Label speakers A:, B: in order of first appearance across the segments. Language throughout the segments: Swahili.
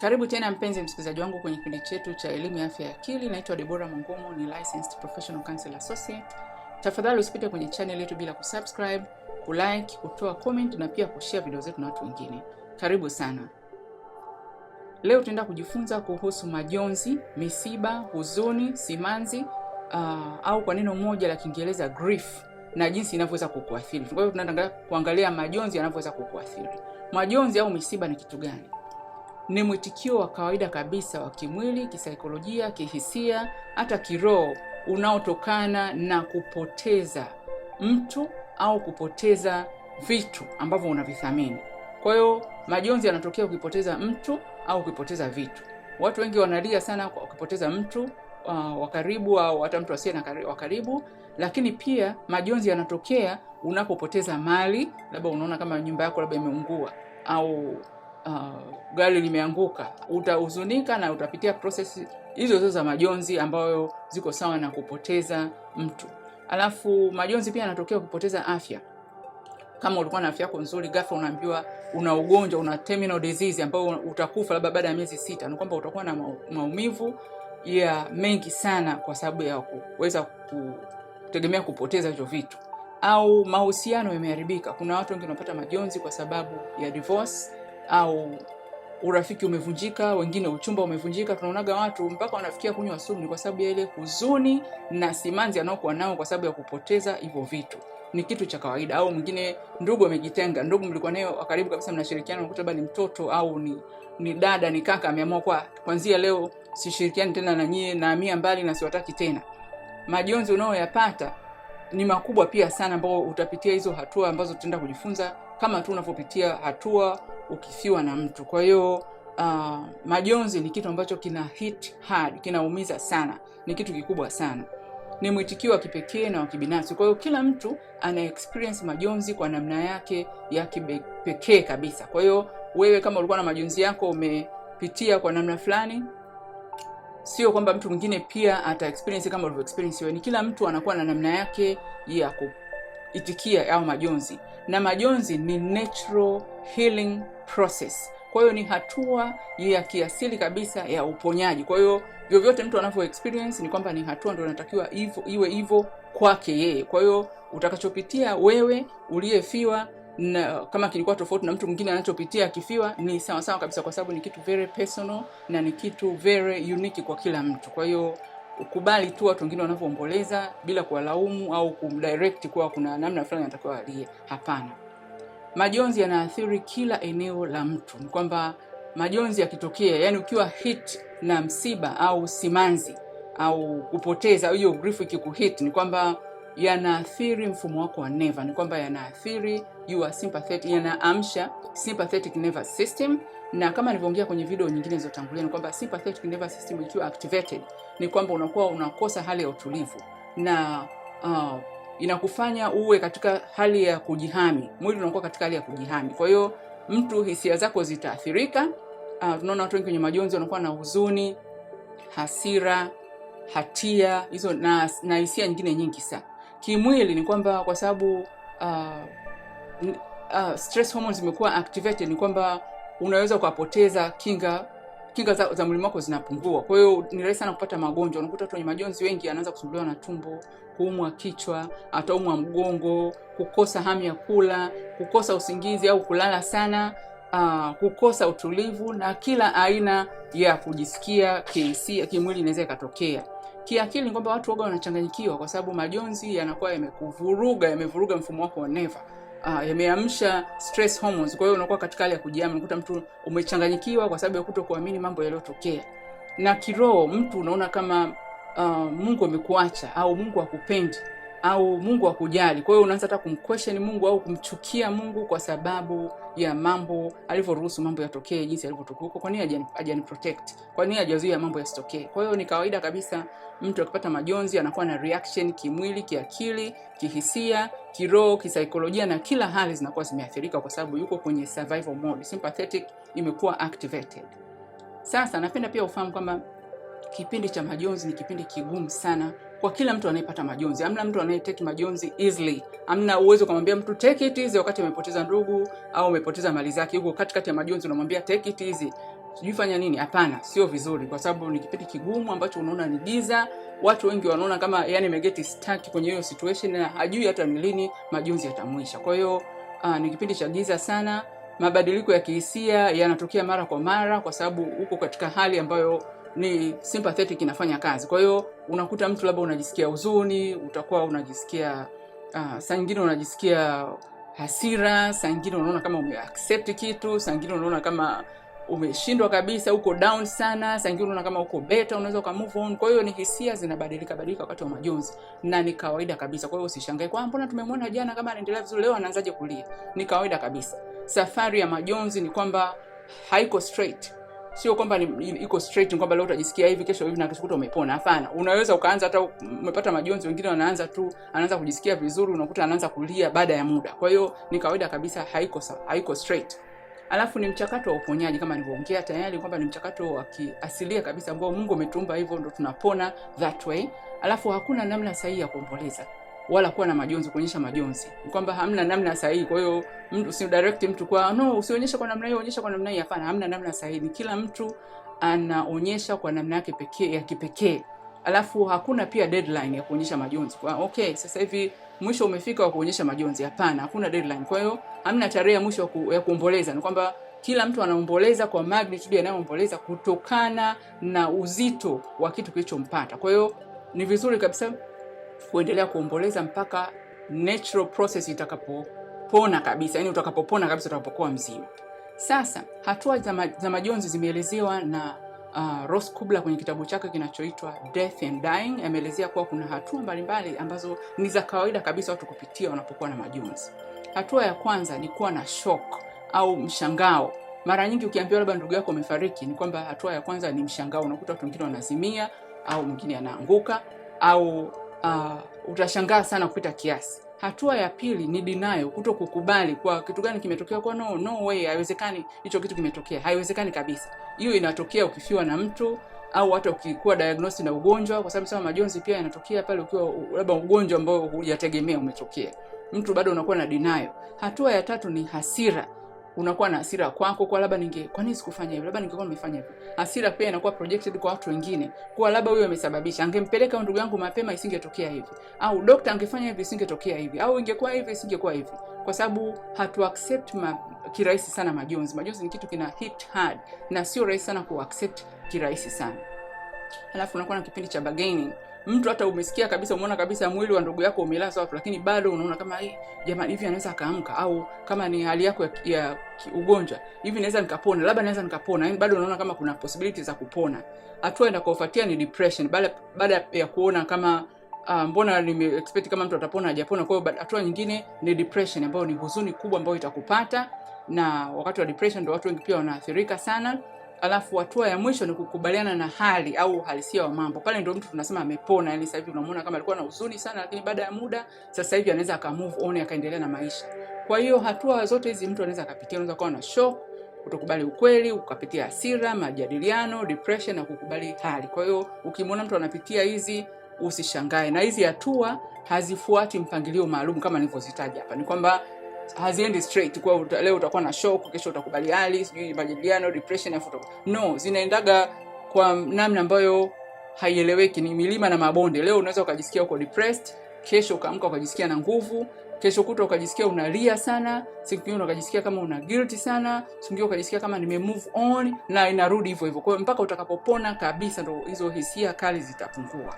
A: Karibu tena mpenzi msikilizaji wangu kwenye kipindi chetu cha elimu ya afya ya akili. Naitwa Debora Mwangomo, ni licensed professional counselor associate. Tafadhali usipite kwenye channel yetu bila kusubscribe, kulike, kutoa comment na pia kushare video zetu na watu wengine. Karibu sana. Leo tunaenda kujifunza kuhusu majonzi, misiba, huzuni, simanzi uh, au kwa neno moja la Kiingereza grief na jinsi inavyoweza kukuathiri. Kwa hiyo tunaangalia kuangalia majonzi yanavyoweza kukuathiri. Majonzi au misiba ni kitu gani? ni mwitikio wa kawaida kabisa wa kimwili, kisaikolojia, kihisia, hata kiroho unaotokana na kupoteza mtu au kupoteza vitu ambavyo unavithamini. Kwa hiyo majonzi yanatokea ukipoteza mtu au ukipoteza vitu. Watu wengi wanalia sana kwa kupoteza mtu uh, wa karibu au hata mtu asiye wa karibu, lakini pia majonzi yanatokea unapopoteza mali, labda unaona kama nyumba yako labda imeungua au uh, gari limeanguka, utahuzunika na utapitia prosesi hizo hizo za majonzi ambayo ziko sawa na kupoteza mtu. Alafu majonzi pia yanatokea kupoteza afya. Kama ulikuwa na afya yako nzuri, ghafla unaambiwa una ugonjwa, una terminal disease ambao utakufa labda baada ya miezi sita, ni kwamba utakuwa na maumivu ya mengi sana kwa sababu ya kuweza kutegemea kupoteza hivyo vitu. Au mahusiano yameharibika. Kuna watu wengi wanapata majonzi kwa sababu ya divorce au urafiki umevunjika, wengine uchumba umevunjika. Tunaonaga watu mpaka wanafikia kunywa sumu, ni kwa sababu ya ile huzuni na simanzi anaokuwa nao kwa sababu ya kupoteza hivyo vitu. Ni kitu cha kawaida. Au mwingine ndugu amejitenga, ndugu mlikuwa nayo karibu kabisa, mnashirikiana, unakuta labda ni mtoto au ni, ni dada ni kaka ameamua kwa kwanzia leo sishirikiani tena na nyie, naamia mbali na siwataki tena. Majonzi unayoyapata ni makubwa pia sana, ambao utapitia hizo hatua ambazo tutaenda kujifunza kama tu unavyopitia hatua ukifiwa na mtu. Kwa hiyo uh, majonzi ni kitu ambacho kina hit hard, kinaumiza sana, ni kitu kikubwa sana, ni mwitikio wa kipekee na wa kibinafsi. Kwa hiyo kila mtu ana experience majonzi kwa namna yake ya kipekee kabisa. Kwa hiyo wewe kama ulikuwa na majonzi yako umepitia kwa namna fulani, sio kwamba mtu mwingine pia ata experience kama ulivyo experience wewe. Ni kila mtu anakuwa na namna yake ya itikia au majonzi, na majonzi ni natural healing process. Kwa hiyo ni hatua ya kiasili kabisa ya uponyaji. Kwa hiyo vyovyote mtu anavyo experience ni kwamba ni hatua ndio inatakiwa iwe hivyo kwake yeye. Kwa hiyo utakachopitia wewe uliyefiwa na kama kilikuwa tofauti na mtu mwingine anachopitia akifiwa, ni sawasawa kabisa, kwa sababu ni kitu very personal na ni kitu very unique kwa kila mtu. Kwa hiyo ukubali tu watu wengine wanavyoomboleza bila kuwalaumu au kumdirect kuwa kuna namna fulani anatakiwa alie. Hapana, majonzi yanaathiri kila eneo la mtu. Ni kwamba majonzi yakitokea, yani ukiwa hit na msiba au simanzi au kupoteza, hiyo grief ikikuhit, ni kwamba yanaathiri mfumo wako wa neva, ni kwamba yanaathiri your sympathetic, yanaamsha sympathetic nervous system, na kama nilivyoongea kwenye video nyingine zilizotangulia, ni kwamba sympathetic nervous system ikiwa activated, ni kwamba unakuwa unakosa hali ya utulivu na uh, inakufanya uwe katika hali ya kujihami, mwili unakuwa katika hali ya kujihami. Kwa hiyo mtu hisia zako zitaathirika. Uh, tunaona uh, watu wengi kwenye majonzi wanakuwa na huzuni, hasira, hatia hizo na, na hisia nyingine nyingi sana kimwili ni kwamba kwa sababu uh, uh, stress hormones zimekuwa activated, ni kwamba unaweza ukapoteza kinga kinga za, za mwili wako zinapungua. Kwa hiyo ni rahisi sana kupata magonjwa. Unakuta watu wenye majonzi wengi anaanza kusumbuliwa na tumbo, kuumwa kichwa, ataumwa mgongo, kukosa hamu ya kula, kukosa usingizi au kulala sana, uh, kukosa utulivu na kila aina ya kujisikia kihisia kimwili inaweza ikatokea kiakili ni kwamba watu waga wanachanganyikiwa kwa sababu majonzi yanakuwa yamekuvuruga, yamevuruga mfumo wako wa neva. Uh, yameamsha stress hormones. Kwa hiyo unakuwa katika hali ya kujiama, unakuta mtu umechanganyikiwa kwa sababu ya kutokuamini mambo yaliyotokea. Na kiroho mtu unaona kama uh, Mungu amekuacha au Mungu akupendi au Mungu hakujali. Kwa hiyo unaanza hata kumquestion Mungu au kumchukia Mungu kwa sababu ya mambo alivyoruhusu mambo yatokee jinsi alivyotukuka. Kwa nini hajani protect? Kwa nini hajazuia mambo yasitokee? Kwa hiyo ni kawaida kabisa mtu akipata majonzi anakuwa na reaction kimwili, kiakili, kihisia, kiroho, kisaikolojia na kila hali zinakuwa zimeathirika kwa sababu yuko kwenye survival mode. Sympathetic imekuwa activated. Sasa napenda pia ufahamu kwamba kipindi cha majonzi ni kipindi kigumu sana kwa kila mtu anayepata majonzi. Amna mtu anayeteki majonzi easily. Amna uwezo kumwambia mtu take it easy wakati amepoteza ndugu au amepoteza mali zake, huko katikati ya majonzi unamwambia take it easy, sijui fanya nini. Hapana, sio vizuri, kwa sababu ni kipindi kigumu ambacho unaona ni giza. Watu wengi wanaona kama yani amegeti stuck kwenye hiyo situation na hajui hata ni lini majonzi yatamwisha. Kwa hiyo uh, ni kipindi cha giza sana. Mabadiliko ya kihisia yanatokea mara kwa mara, kwa sababu uko katika hali ambayo ni sympathetic inafanya kazi. Kwa hiyo unakuta mtu labda unajisikia huzuni, utakuwa unajisikia uh, ah, sangine unajisikia hasira, sangine unaona kama umeaccept kitu, sangine unaona kama umeshindwa kabisa, uko down sana, sangine unaona kama uko beta unaweza uka move on. Kwa hiyo ni hisia zinabadilika badilika wakati wa majonzi na ni kawaida kabisa. Kwa hiyo usishangae kwa mbona tumemwona jana kama anaendelea vizuri, leo anaanzaje kulia. Ni kawaida kabisa. Safari ya majonzi ni kwamba haiko straight sio kwamba iko straight kwamba leo utajisikia hivi kesho hivi na kesho kuta umepona. Hapana, unaweza ukaanza hata umepata majonzi, wengine wanaanza tu, anaanza kujisikia vizuri, unakuta anaanza kulia baada ya muda. Kwa hiyo ni kawaida kabisa, haiko haiko straight. Alafu ni mchakato wa uponyaji kama nilivyoongea tayari kwamba ni mchakato wa kiasilia kabisa ambao Mungu umetumba hivyo, ndo tunapona that way. Alafu hakuna namna sahihi ya kuomboleza wala kuwa na majonzi, kuonyesha majonzi kwamba hamna namna sahihi. Kwa hiyo mtu direct mtu kwa no, usionyeshe kwa namna hiyo, onyesha kwa namna hii. Hapana, hamna namna sahihi, kila mtu anaonyesha kwa namna yake pekee ya kipekee. Alafu hakuna pia deadline ya kuonyesha majonzi kwa okay, sasa hivi mwisho umefika wa kuonyesha majonzi. Hapana, hakuna deadline. Kwa hiyo hamna tarehe ya mwisho ya kuomboleza. Ni kwamba kila mtu anaomboleza kwa magnitude anayoomboleza kutokana na uzito wa kitu kilichompata. Kwa hiyo ni vizuri kabisa kuendelea kuomboleza mpaka natural process itakapopona kabisa, yani utakapopona kabisa, utakapokuwa mzima. Sasa hatua za majonzi zimeelezewa na uh, Ross Kubla kwenye kitabu chake kinachoitwa Death and Dying. Ameelezea kuwa kuna hatua mbalimbali ambazo ni za kawaida kabisa watu kupitia wanapokuwa na majonzi. Hatua ya kwanza ni kuwa na shock au mshangao. Mara nyingi ukiambiwa labda ndugu yako amefariki, ni kwamba hatua ya kwanza ni mshangao. Unakuta watu wengine wanazimia au mwingine anaanguka au uh, utashangaa sana kupita kiasi. Hatua ya pili ni dinayo kuto kukubali kwa kitu gani kimetokea, kwa no, no way, haiwezekani hicho kitu kimetokea, haiwezekani kabisa. Hiyo inatokea ukifiwa na mtu au hata ukikuwa diagnosis na ugonjwa, kwa sababu sawa, majonzi pia yanatokea pale ukiwa labda ugonjwa ambao hujategemea umetokea, mtu bado unakuwa na dinayo Hatua ya tatu ni hasira unakuwa na hasira kwako kwa labda ninge kwa nini sikufanya hivyo, labda ningekuwa nimefanya hivyo. Hasira pia inakuwa projected kwa watu wengine, kwa labda huyo amesababisha, angempeleka ndugu yangu mapema isingetokea hivi, au dokta angefanya hivi isingetokea hivi, au ingekuwa hivi isingekuwa hivi, kwa sababu hatu accept ma, kirahisi sana majonzi. Majonzi ni kitu kina hit hard na sio rahisi sana ku accept kirahisi sana. Alafu unakuwa na kipindi cha bargaining. Mtu hata umesikia kabisa, umeona kabisa mwili wa ndugu yako umelaza watu lakini bado unaona kama hii eh, jamani, hivi anaweza akaamka, au kama ni hali yako ya, ya ugonjwa hivi, naweza nikapona, labda naweza nikapona, yani bado unaona kama kuna possibility za kupona. Hatua inakofuatia ni depression, baada baada ya kuona kama Uh, mbona nime expect kama mtu atapona hajapona. Kwa hiyo hatua nyingine ni depression, ambayo ni huzuni kubwa ambayo itakupata, na wakati wa depression ndio watu wengi pia wanaathirika sana alafu hatua ya mwisho ni kukubaliana na hali au uhalisia wa mambo. Pale ndio mtu tunasema amepona, yani sasa hivi unamuona kama alikuwa na huzuni sana, lakini baada ya muda sasa hivi anaweza aka move on akaendelea na maisha. Kwa hiyo hatua zote hizi mtu anaweza akapitia, unaweza kuwa na shock, kutokubali ukweli, ukapitia hasira, majadiliano, depression na kukubali hali. Kwa hiyo ukimwona mtu anapitia hizi usishangae, na hizi hatua hazifuati mpangilio maalum kama nilivyozitaja hapa, ni kwamba haziendi straight kwa uta, leo utakuwa na shock, kesho hali sijui majadiliano, depression afu no, zinaendaga kwa namna ambayo haieleweki, ni milima na mabonde. Leo unaweza ukajisikia uko depressed, kesho ukaamka ukajisikia na nguvu, kesho kuta ukajisikia unalia sana, siku nyingine ukajisikia kama una guilt sana, siku nyingine ukajisikia kama nime move on, na inarudi hivyo hivyo. Kwa hiyo mpaka utakapopona kabisa, ndo hizo hisia kali zitapungua,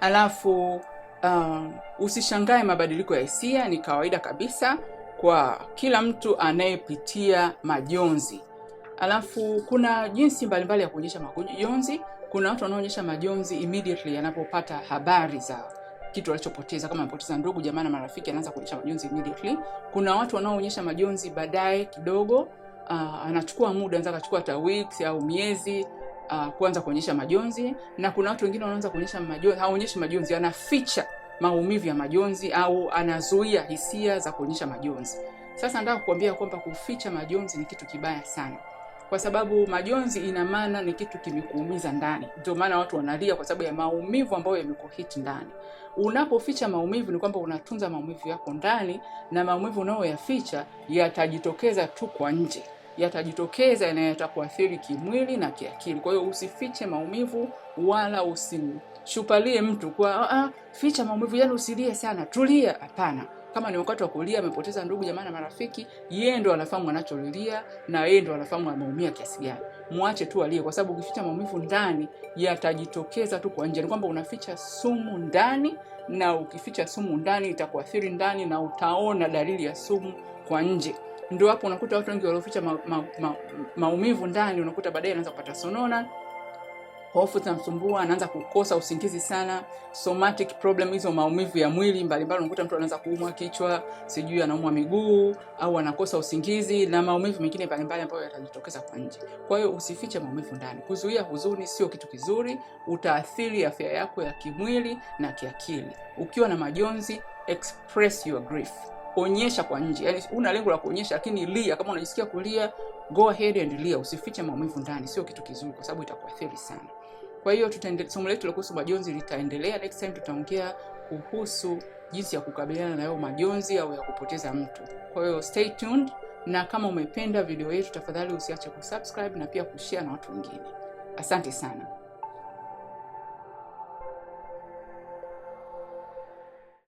A: alafu Uh, usishangae mabadiliko ya hisia ni kawaida kabisa kwa kila mtu anayepitia majonzi. Alafu kuna jinsi mbalimbali ya kuonyesha majonzi. Kuna watu wanaoonyesha majonzi immediately anapopata habari za kitu alichopoteza, kama amepoteza ndugu, jamaa na marafiki, anaanza kuonyesha majonzi immediately. Kuna watu wanaoonyesha majonzi baadaye kidogo, uh, anachukua muda, anaweza akachukua hata weeks au miezi uh, kuanza kuonyesha majonzi, na kuna watu wengine wanaanza kuonyesha majonzi, haonyeshi majonzi, anaficha maumivu ya majonzi au anazuia hisia za kuonyesha majonzi. Sasa nataka kukuambia kwamba kuficha majonzi ni kitu kibaya sana, kwa sababu majonzi ina maana ni kitu kimekuumiza ndani. Ndio maana watu wanalia kwa sababu ya maumivu ambayo yamekuhiti ndani. Unapoficha maumivu, ni kwamba unatunza maumivu yako ndani, na maumivu unayoyaficha yatajitokeza tu kwa nje yatajitokeza na yatakuathiri kimwili na kiakili. Kwa hiyo usifiche maumivu wala usimshupalie mtu kwa ah, ah ficha maumivu, yani usilie sana, tulia. Hapana, kama ni wakati wa kulia, amepoteza ndugu, jamaa na marafiki, yeye ndo anafahamu anacholilia na yeye ndo anafahamu ameumia kiasi gani. Mwache tu alie, kwa sababu ukificha maumivu ndani yatajitokeza tu kwa nje. Ni kwamba unaficha sumu ndani, na ukificha sumu ndani itakuathiri ndani, na utaona dalili ya sumu kwa nje ndio hapo unakuta watu wengi walioficha ma, ma, ma, maumivu ndani, unakuta baadaye anaanza kupata sonona, hofu zinamsumbua, anaanza kukosa usingizi sana, somatic problem, hizo maumivu ya mwili mbalimbali. Unakuta mtu anaanza kuumwa kichwa, sijui anaumwa miguu au anakosa usingizi na maumivu mengine mbalimbali ambayo yatajitokeza kwa nje. Kwa hiyo usifiche maumivu ndani. Kuzuia huzuni sio kitu kizuri, utaathiri afya yako ya kimwili na kiakili. Ukiwa na majonzi, express your grief onyesha kwa nje, yani una lengo la kuonyesha, lakini lia. Kama unajisikia kulia, go ahead and lia, usifiche maumivu ndani, sio kitu kizuri, kwa sababu itakuathiri sana. Kwa hiyo tutaendelea, somo letu la kuhusu majonzi litaendelea. Next time tutaongea kuhusu jinsi ya kukabiliana na nayo majonzi au ya kupoteza mtu. Kwa hiyo stay tuned, na kama umependa video yetu, tafadhali usiache kusubscribe na pia kushare na watu wengine. Asante sana.